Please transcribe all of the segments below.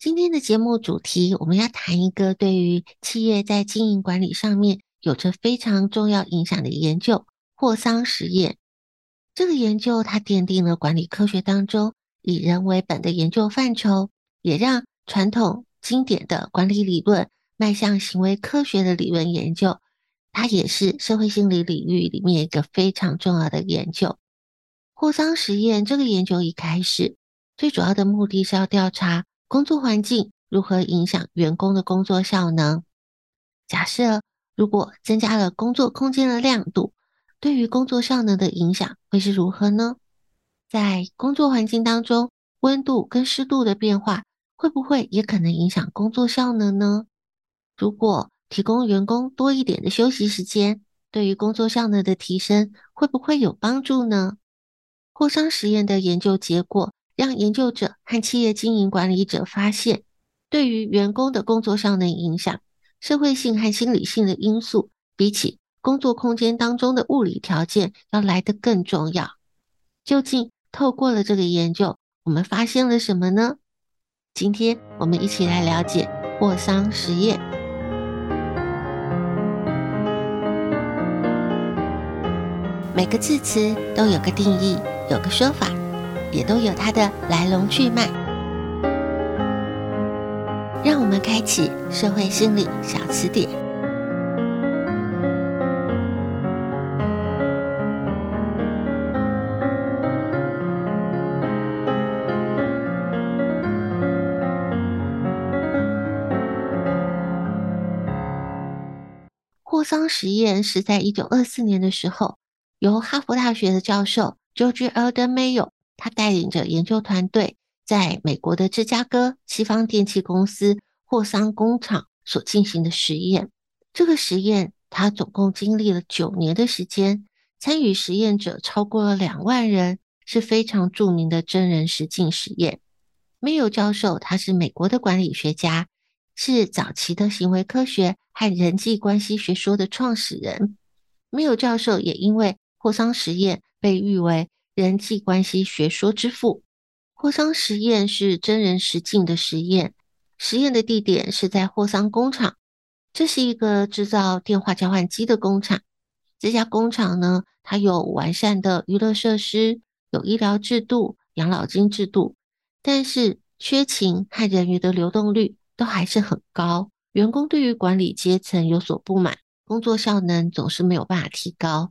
今天的節目主題，我們要談一個對於企業在經營管理上面有着非常重要影響的研究——霍桑實驗。這個研究它奠定了管理科學當中以人為本的研究範疇，也讓傳統經典的管理理論邁向行為科學的理論研究。它也是社會心理領域裡面一個非常重要的研究。霍桑實驗這個研究一開始，最主要的目的是要調查。工作環境如何影響員工的工作效能？假設如果增加了工作空間的亮度，對於工作效能的影響會是如何呢？在工作環境當中，溫度跟濕度的變化會不會也可能影響工作效能呢？如果提供員工多一點的休息時間，對於工作效能的提升會不會有幫助呢？霍桑實驗的研究結果。讓研究者和企業經營管理者發現，對於員工的工作上的影響，社會性和心理性的因素，比起工作空間當中的物理條件要來得更重要。究竟透過了這個研究，我們發現了什麼呢？今天我們一起來了解霍桑實驗。每個字詞都有個定義，有個說法。也都有它的來龍去脈。讓我們開啟社會心理小詞典。霍桑實驗是在一九二四年的時候，由哈佛大學的教授 George Elton Mayo。他帶領着研究團隊，在美國的芝加哥西方電器公司霍桑工廠所進行的實驗。這個實驗，他總共經歷了九年的時間，參與實驗者超過了兩萬人，是非常著名的真人實境實驗。梅奧教授他是美國的管理學家，是早期的行為科學和人際關係學說的創始人。梅奧教授也因為霍桑實驗被譽為。人際關係學說之父。霍桑實驗是真人實境的實驗，實驗的地點是在霍桑工廠，這是一個製造電話交換機的工廠。這家工廠呢，它有完善的娛樂設施，有醫療制度、養老金制度，但是缺勤和人員的流動率都還是很高，員工對於管理階層有所不滿，工作效能總是沒有辦法提高。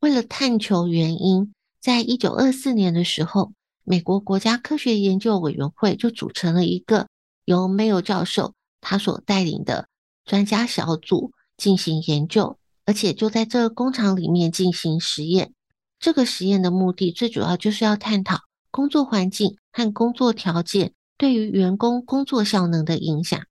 為了探求原因，在一九二四年的時候，美國國家科學研究委員會就組成了一個由 Mayo 教授他所帶領的專家小組進行研究，而且就在這個工廠裡面進行實驗。這個實驗的目的最主要就是要探討工作環境和工作條件對於員工工作效能的影響。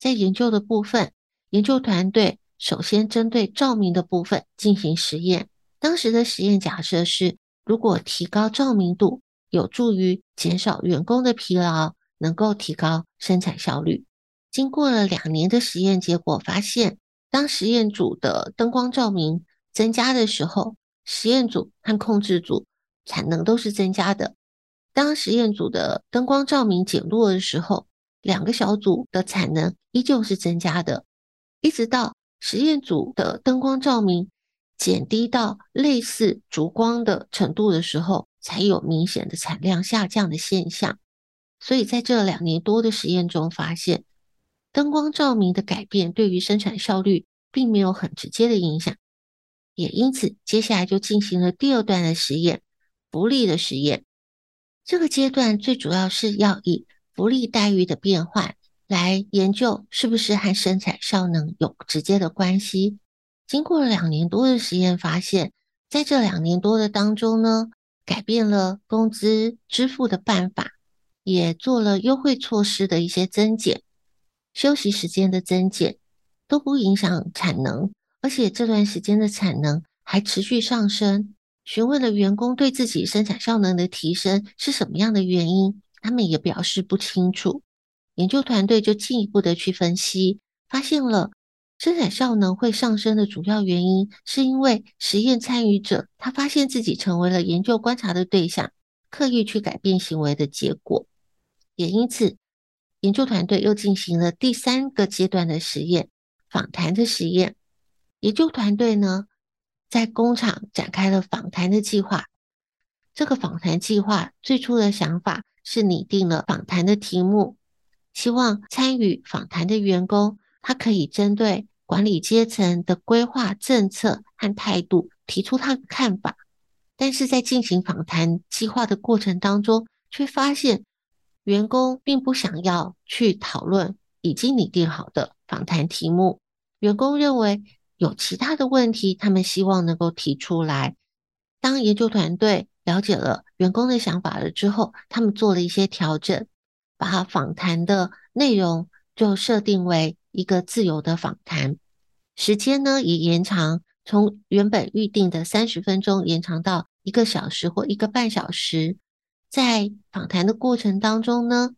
在研究的部分，研究團隊首先針對照明的部分進行實驗。當時的實驗假設是，如果提高照明度，有助於減少員工的疲勞，能夠提高生產效率。經過了兩年的實驗結果發現，當實驗組的燈光照明增加的時候，實驗組和控制組產能都是增加的。當實驗組的燈光照明減弱的時候，兩個小組的產能依舊是增加的。一直到實驗組的燈光照明。減低到類似燭光的程度的時候，才有明顯的產量下降的現象。所以，在這兩年多的實驗中，發現燈光照明的改變對於生產效率並沒有很直接的影響。也因此，接下來就進行了第二段的實驗，福利的實驗。這個階段最主要是要以福利待遇的變換來研究，是不是和生產效能有直接的關係。經過了兩年多的實驗發現，在這兩年多的當中呢，改變了工資支付的辦法，也做了優惠措施的一些增減，休息時間的增減都不影響產能，而且這段時間的產能還持續上升。詢問了員工對自己生產效能的提升是什麼樣的原因，他們也表示不清楚。研究團隊就進一步的去分析，發現了。生產效能會上升的主要原因，是因為實驗參與者他發現自己成為了研究觀察的對象，刻意去改變行為的結果，也因此，研究團隊又進行了第三個階段的實驗——訪談的實驗。研究團隊呢，在工廠展開了訪談的計劃。這個訪談計劃最初的想法是擬定了訪談的題目，希望參與訪談的員工他可以針對。管理階層的規劃、政策和態度，提出他的看法。但是在進行訪談計劃的過程當中，卻發現員工並不想要去討論已經擬定好的訪談題目。員工認為有其他的問題，他們希望能夠提出來。當研究團隊了解了員工的想法了之後，他們做了一些調整，把訪談的內容就設定為。一個自由的訪談，時間呢也延長，從原本預定的三十分鐘延長到一個小時或一個半小時。在訪談的過程當中呢，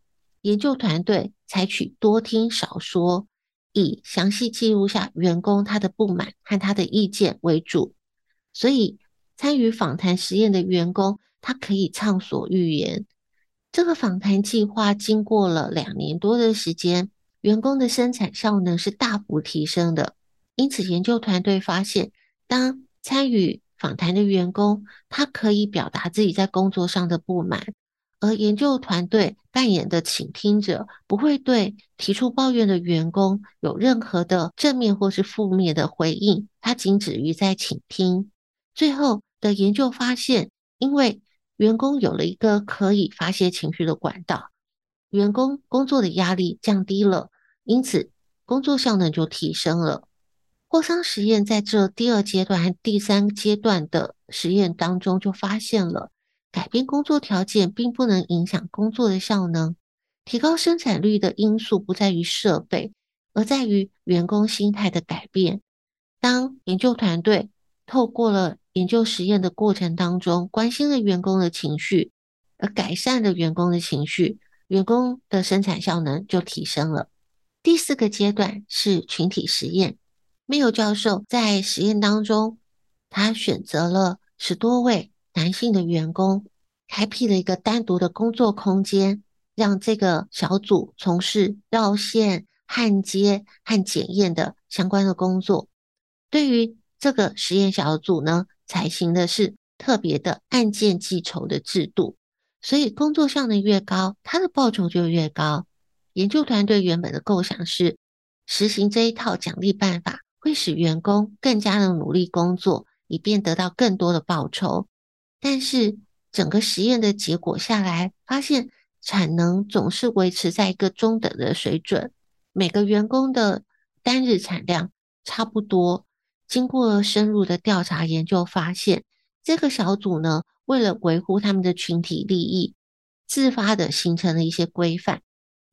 研究團隊採取多聽少說，以詳細記錄下員工他的不滿和他的意見為主。所以，參與訪談實驗的員工，他可以暢所欲言。這個訪談計劃經過了兩年多的時間。員工的生產效能是大幅提升的。因此，研究團隊發現，當參與訪談的員工他可以表達自己在工作上的不滿，而研究團隊扮演的傾聽者不會對提出抱怨的員工有任何的正面或是負面的回應，他僅止於在傾聽。最後的研究發現，因為員工有了一個可以發泄情緒的管道，員工工作的壓力降低了。因此，工作效能就提升了。霍桑實驗在這第二階段和第三階段的實驗當中，就發現了改變工作條件並不能影響工作的效能。提高生產率的因素不在於設備，而在於員工心態的改變。當研究團隊透過了研究實驗的過程當中，關心了員工的情緒，而改善了員工的情緒，員工的生產效能就提升了。第四個階段是群體實驗。梅奧教授在實驗當中，他選擇了十多位男性的員工，開闢了一個單獨的工作空間，讓這個小組從事繞線、焊接、焊接和檢驗的相關的工作。對於這個實驗小組呢，采行的是特別的按件計酬的制度，所以工作上的越高，他的報酬就越高。研究團隊原本的構想是實行這一套獎勵辦法，會使員工更加的努力工作，以便得到更多的報酬。但是整個實驗的結果下來，發現產能總是維持在一個中等的水準，每個員工的單日產量差不多。經過深入的調查研究，發現這個小組呢，為了維護他們的群體利益，自發地形成了一些規範。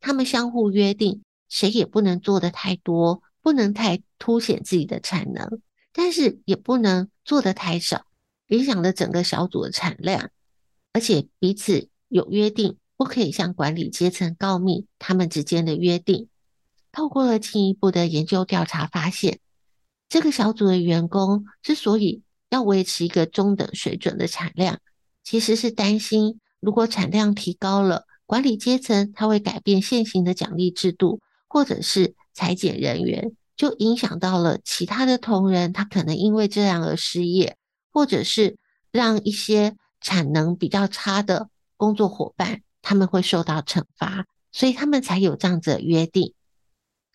他們相互約定，誰也不能做得太多，不能太凸顯自己的產能，但是也不能做得太少，影響了整個小組的產量。而且彼此有約定，不可以向管理階層告密他們之間的約定。透過了進一步的研究調查，發現這個小組的員工之所以要維持一個中等水準的產量，其實是擔心如果產量提高了。管理階層他會改變現行的獎勵制度，或者是裁減人員，就影響到了其他的同仁，他可能因為這樣而失業，或者是讓一些產能比較差的工作夥伴他們會受到懲罰，所以他們才有這樣子的約定。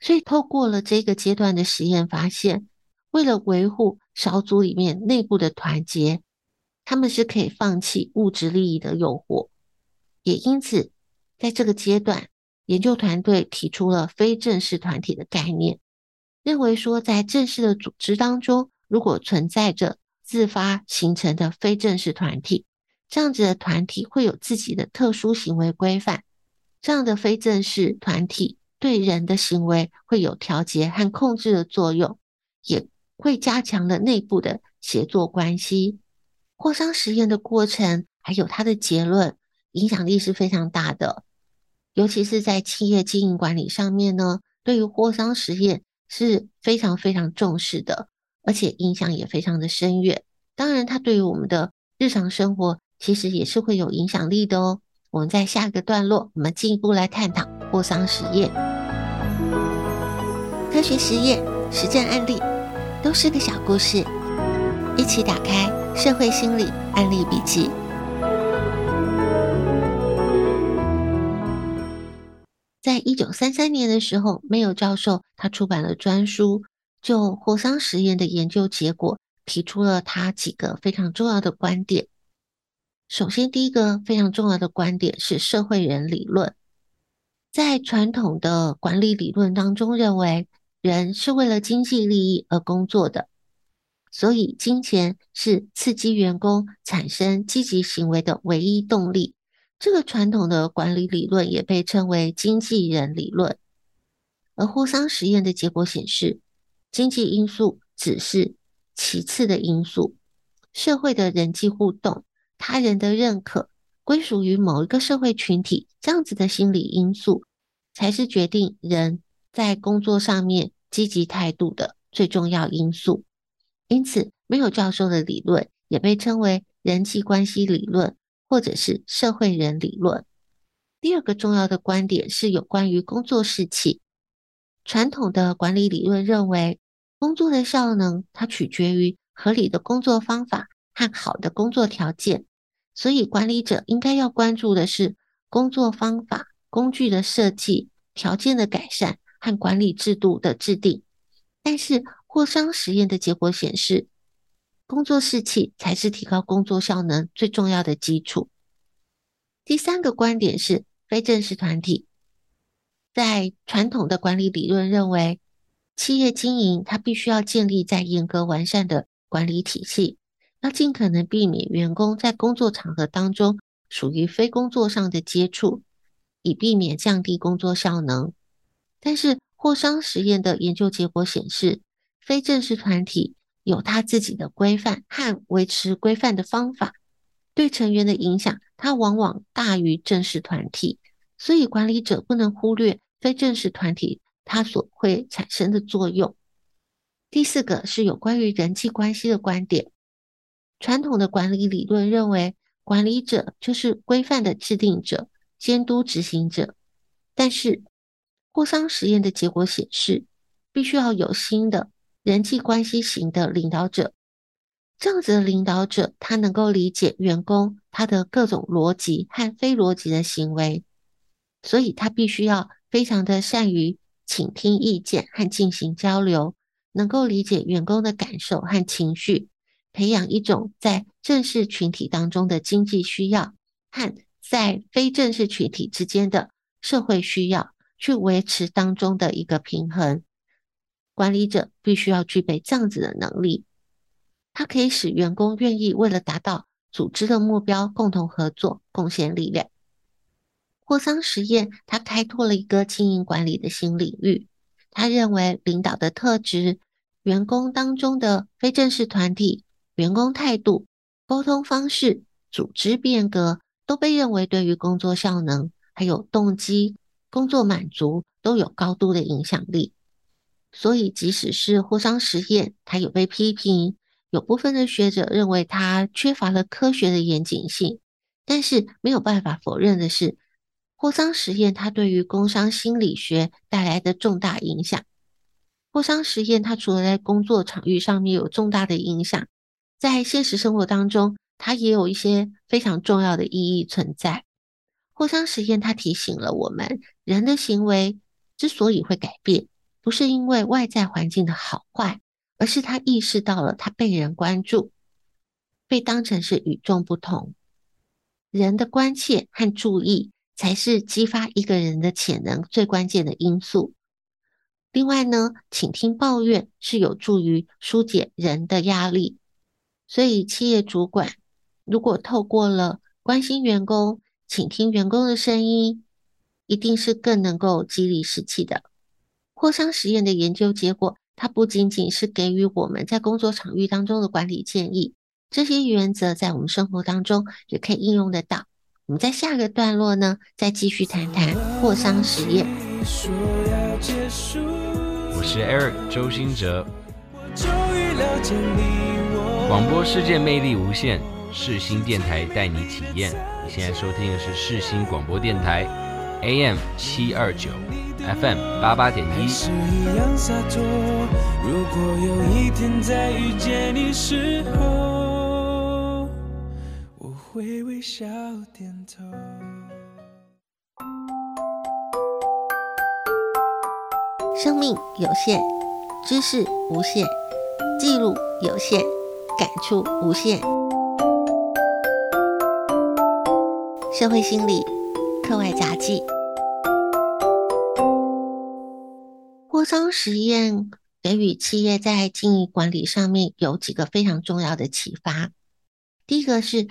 所以透過了這個階段的實驗發現，為了維護小組裡面內部的團結，他們是可以放棄物質利益的誘惑，也因此。在這個階段，研究團隊提出了非正式團體的概念，認為說在正式的組織當中，如果存在着自發形成的非正式團體，這樣子的團體會有自己的特殊行為規範。這樣的非正式團體對人的行為會有調節和控制的作用，也會加強了內部的協作關係。霍桑實驗的過程還有它的結論，影響力是非常大的，尤其是在企業經營管理上面呢，對於霍桑實驗是非常非常重視的，而且影響也非常的深遠。當然，它對於我們的日常生活其實也是會有影響力的哦。我們在下一個段落，我們進一步來探討霍桑實驗、科學實驗、實戰案例，都是個小故事，一起打開《社會心理案例筆記》。在一九三三年的時候，梅奧教授他出版了專書，就霍桑實驗的研究結果提出了他幾個非常重要的觀點。首先，第一個非常重要的觀點是社會人理論。在傳統的管理理論當中，認為人是為了經濟利益而工作的，所以金錢是刺激員工產生積極行為的唯一動力。這個傳統的管理理論也被稱為經濟人理論，而霍桑實驗的結果顯示，經濟因素只是其次的因素，社會的人際互動、他人的認可、歸屬於某一個社會群體這樣子的心理因素，才是決定人在工作上面積極態度的最重要因素。因此，沒有教授的理論也被稱為人際關係理論。或者是社會人理論。第二個重要的觀點是有關於工作士氣。傳統的管理理論認為，工作的效能它取決於合理的工作方法和好的工作條件，所以管理者應該要關注的是工作方法、工具的設計、條件的改善和管理制度的制定。但是，霍桑實驗的結果顯示，工作士氣才是提高工作效能最重要的基礎。第三個觀點是非正式團體。在傳統的管理理論認為，企業經營它必須要建立在嚴格完善的管理體系，要盡可能避免員工在工作場合當中屬於非工作上的接觸，以避免降低工作效能。但是霍桑實驗的研究結果顯示，非正式團體。有他自己的規範和維持規範的方法，對成員的影響，它往往大於正式團體，所以管理者不能忽略非正式團體它所會產生的作用。第四個是有關於人際關係的觀點。傳統的管理理論認為，管理者就是規範的制定者、監督執行者，但是霍桑實驗的結果顯示，必須要有新的。人際關係型的領導者，這樣子的領導者，他能夠理解員工他的各種邏輯和非邏輯的行為，所以他必須要非常的善於傾聽意見和進行交流，能夠理解員工的感受和情緒，培養一種在正式群體當中的經濟需要和在非正式群體之間的社會需要，去維持當中的一個平衡。管理者必須要具備這樣子的能力，他可以使員工願意為了達到組織的目標，共同合作，貢獻力量。霍桑實驗，他開拓了一個經營管理的新領域。他認為，領導的特質、員工當中的非正式團體、員工態度、溝通方式、組織變革，都被認為對於工作效能、還有動機、工作滿足都有高度的影響力。所以，即使是霍桑實驗，它有被批評，有部分的學者認為它缺乏了科學的嚴謹性。但是，沒有辦法否認的是，霍桑實驗它對於工商心理學帶來的重大影響。霍桑實驗它除了在工作場域上面有重大的影響，在現實生活當中，它也有一些非常重要的意義存在。霍桑實驗它提醒了我們，人的行為之所以會改變。不是因為外在環境的好壞，而是他意識到了他被人關注，被當成是與眾不同。人的關切和注意才是激發一個人的潛能最關鍵的因素。另外呢，傾聽抱怨是有助於疏解人的壓力。所以，企業主管如果透過了關心員工，傾聽員工的聲音，一定是更能夠激勵士氣的。霍桑實驗的研究結果，它不僅僅是給予我們在工作場域當中的管理建議，這些原則在我們生活當中也可以應用得到。我們在下個段落呢，再繼續談談霍桑實驗。我是 Eric 周新哲，廣播世界魅力無限，世新電台帶你體驗。你現在收聽的是世新廣播電台，AM 七二九。AM729。FM 八八點一。還是一樣灑脫，如果有一天再遇見你時候，我會微笑點頭。生命有限，知識無限，記錄有限，感觸無限。社會心理，課外雜記。霍桑實驗給予企業在經營管理上面有幾個非常重要的啟發。第一個是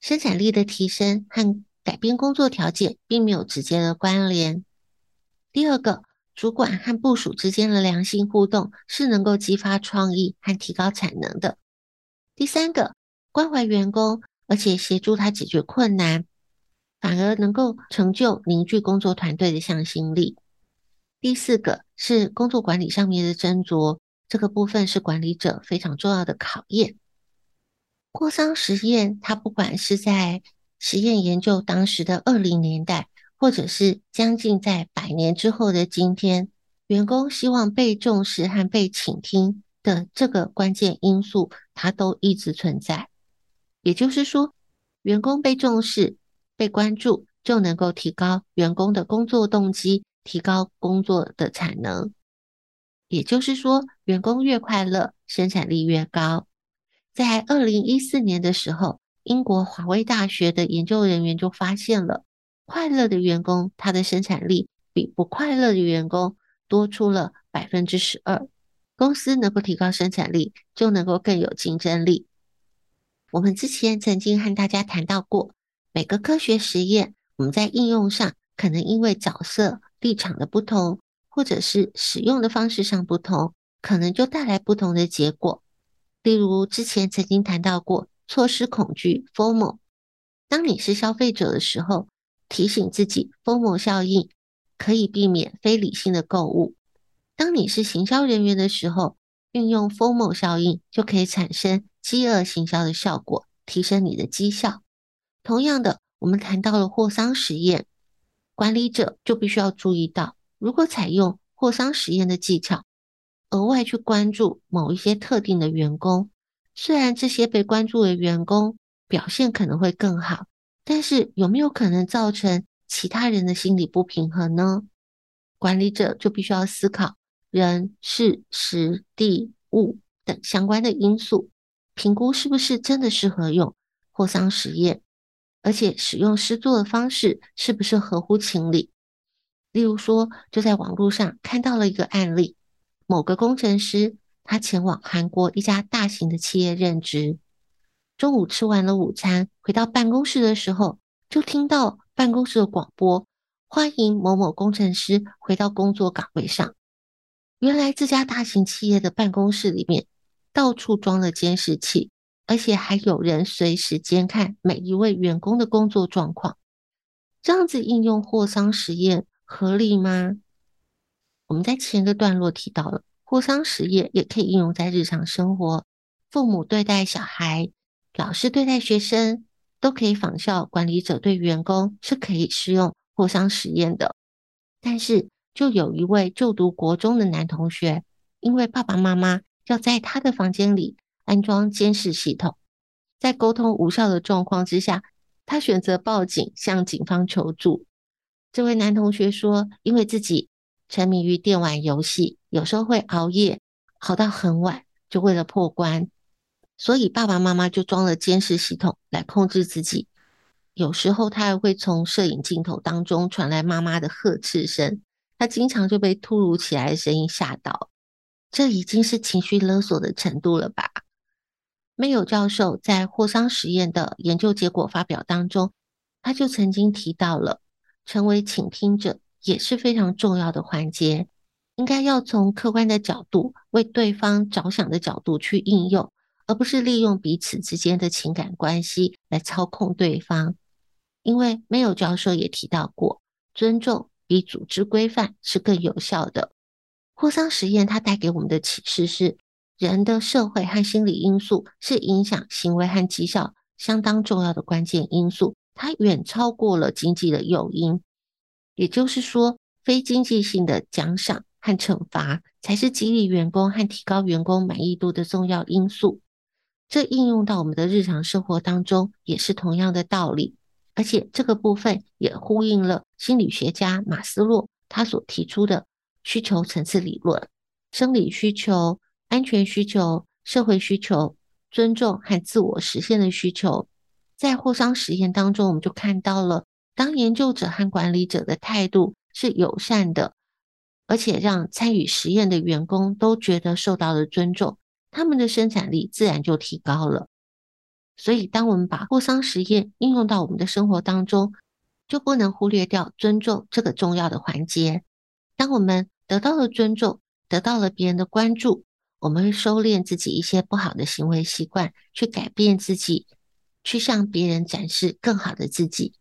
生產力的提升和改變工作條件，並沒有直接的關聯。第二個，主管和部屬之間的良性互動是能夠激發創意和提高產能的。第三個，關懷員工而且協助他解決困難，反而能夠成就凝聚工作團隊的向心力。第四個是工作管理上面的斟酌，這個部分是管理者非常重要的考驗。霍桑實驗，它不管是在實驗研究當時的二零年代，或者是將近在百年之後的今天，員工希望被重視和被傾聽的這個關鍵因素，它都一直存在。也就是說，員工被重視、被關注，就能夠提高員工的工作動機。提高工作的產能，也就是說，員工越快樂，生產力越高。在二零一四年的時候，英國華威大學的研究人員就發現了，快樂的員工他的生產力比不快樂的員工多出了百分之十二。公司能夠提高生產力，就能夠更有競爭力。我們之前曾經和大家談到過，每個科學實驗，我們在應用上可能因為角色，立場的不同，或者是使用的方式上不同，可能就帶來不同的結果。例如，之前曾經談到過錯失恐懼 （FOMO）。當你是消費者的時候，提醒自己 FOMO 效應，可以避免非理性的購物；當你是行銷人員的時候，運用 FOMO 效應，就可以產生飢餓行銷的效果，提升你的績效。同樣的，我們談到了霍桑實驗。管理者就必須要注意到，如果採用霍桑實驗的技巧，額外去關注某一些特定的員工，雖然這些被關注的員工表現可能會更好，但是有沒有可能造成其他人的心理不平衡呢？管理者就必須要思考人、事、時、地、物等相關的因素，評估是不是真的適合用霍桑實驗。而且使用施作的方式是不是合乎情理？例如說，就在網絡上看到了一個案例：某個工程師，他前往韓國一家大型的企業任職，中午吃完了午餐，回到辦公室的時候，就聽到辦公室的廣播，歡迎某某工程師回到工作崗位上。原來這家大型企業的辦公室裡面到處裝了監視器。而且還有人隨時監看每一位員工的工作狀況，這樣子應用霍桑實驗合理嗎？我們在前個段落提到了霍桑實驗也可以應用在日常生活，父母對待小孩、老師對待學生都可以仿效，管理者對員工是可以適用霍桑實驗的。但是，就有一位就讀國中的男同學，因為爸爸媽媽要在他的房間裡。安裝監視系統，在溝通無效的狀況之下，他選擇報警向警方求助。這位男同學說：“因為自己沉迷於電玩遊戲，有時候會熬夜，熬到很晚，就為了破關。所以爸爸媽媽就裝了監視系統來控制自己。有時候他還會從攝影鏡頭當中傳來媽媽的呵斥聲，他經常就被突如其來的聲音嚇到。這已經是情緒勒索的程度了吧？”沒友教授在霍桑實驗的研究結果發表當中，他就曾經提到了，成為傾聽者也是非常重要的環節，應該要從客觀的角度為對方着想的角度去應用，而不是利用彼此之間的情感關係來操控對方。因為梅奧教授也提到過，尊重比組織規範是更有效的。霍桑實驗它帶給我們的啟示是，人的社會和心理因素是影響行為和績效相當重要的關鍵因素，它遠超過了經濟的誘因。也就是說，非經濟性的獎賞和懲罰才是激勵員工和提高員工滿意度的重要因素。這應用到我們的日常生活當中也是同樣的道理，而且這個部分也呼應了心理學家馬斯洛他所提出的需求層次理論。生理需求。安全需求、社會需求、尊重和自我實現的需求，在霍桑實驗當中，我們就看到了，當研究者和管理者的態度是友善的，而且讓參與實驗的員工都覺得受到了尊重，他們的生產力自然就提高了。所以，當我們把霍桑實驗應用到我們的生活當中，就不能忽略掉尊重這個重要的環節。當我們得到了尊重，得到了別人的關注，我們會收斂自己一些不好的行為習慣，去改變自己，去向別人展示更好的自己。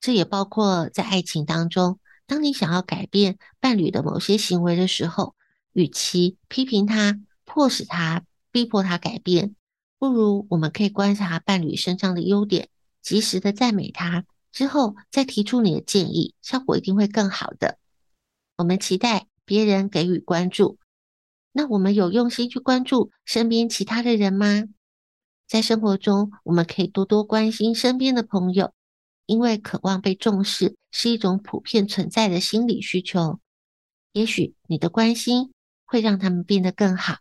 這也包括在愛情當中，當你想要改變伴侶的某些行為的時候，與其批評他、迫使他、逼迫他改變，不如我們可以觀察伴侶身上的優點，及時的讚美他，之後再提出你的建議，效果一定會更好的。我們期待別人給予關注。那我們有用心去關注身邊其他的人嗎？在生活中，我們可以多多關心身邊的朋友，因為渴望被重視是一種普遍存在的心理需求。也許你的關心會讓他們變得更好。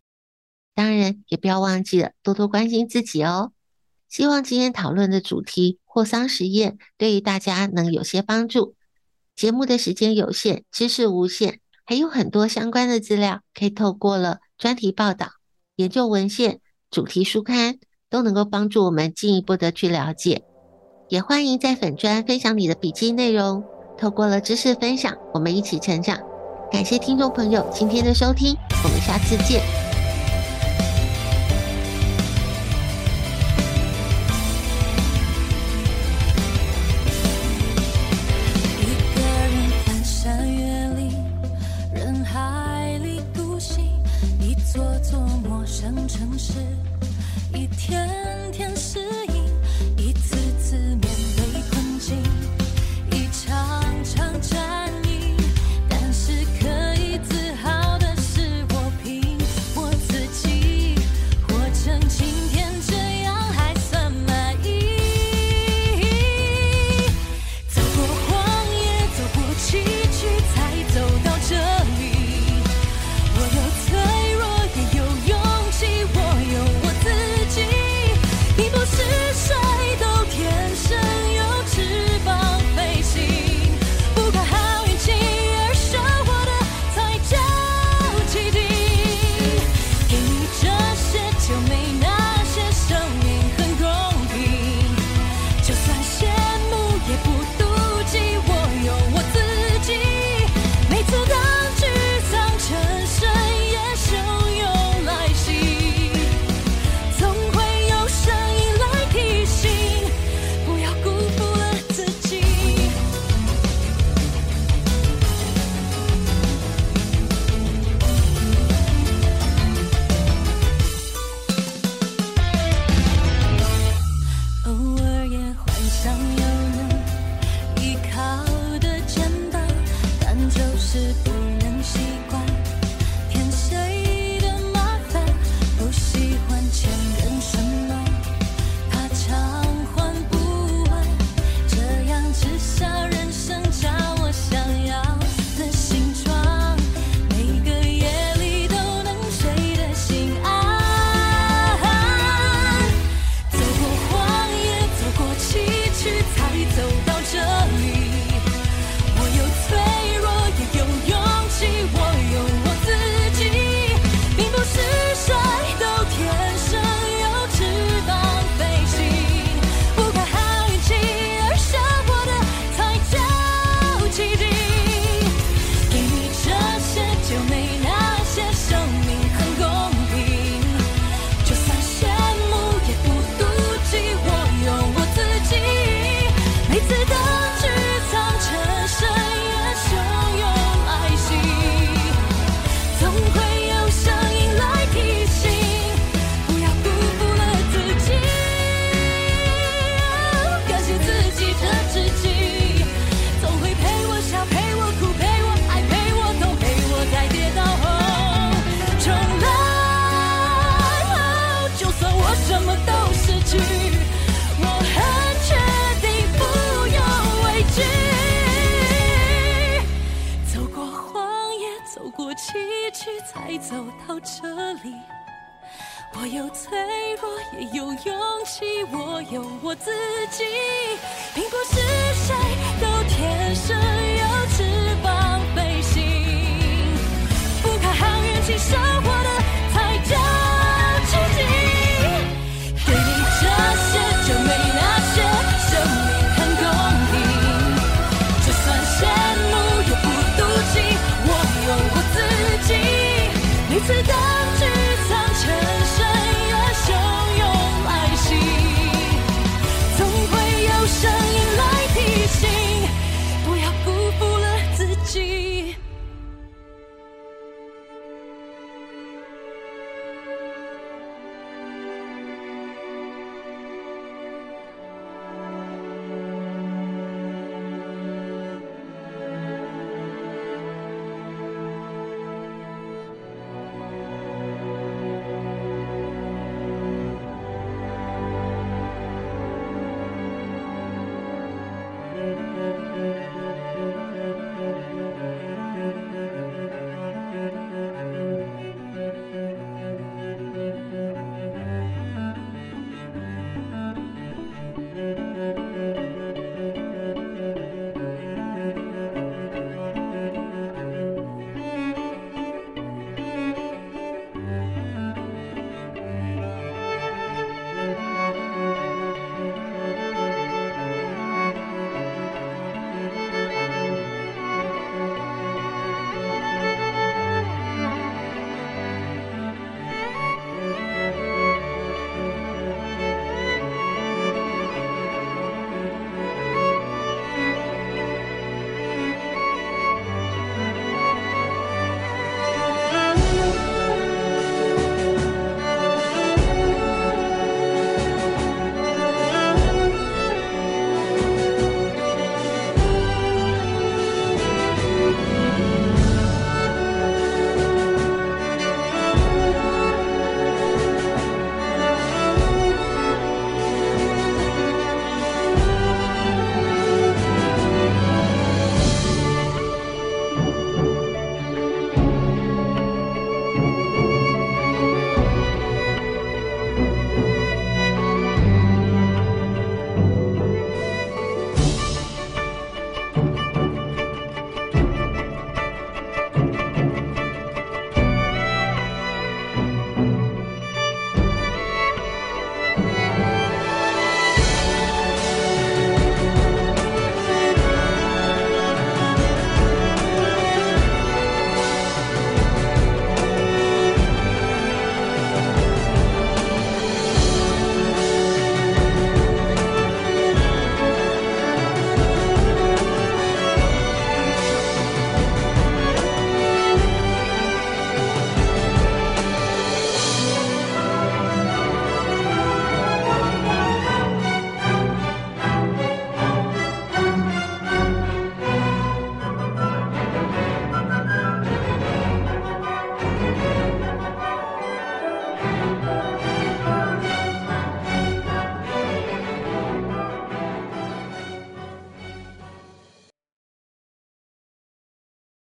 當然，也不要忘記了多多關心自己哦。希望今天討論的主題，霍桑實驗，對於大家能有些幫助。節目的時間有限，知識無限。還有很多相關的資料，可以透過了專題報道、研究文獻、主題書刊，都能夠幫助我們進一步的去了解。也歡迎在粉專分享你的筆記內容，透過了知識分享，我們一起成長。感謝聽眾朋友今天的收聽，我們下次見。城市一天。才走到這裡，我有脆弱，也有勇氣，我有我自己，並不是誰都天生有翅膀飛行，不靠好運氣生活的。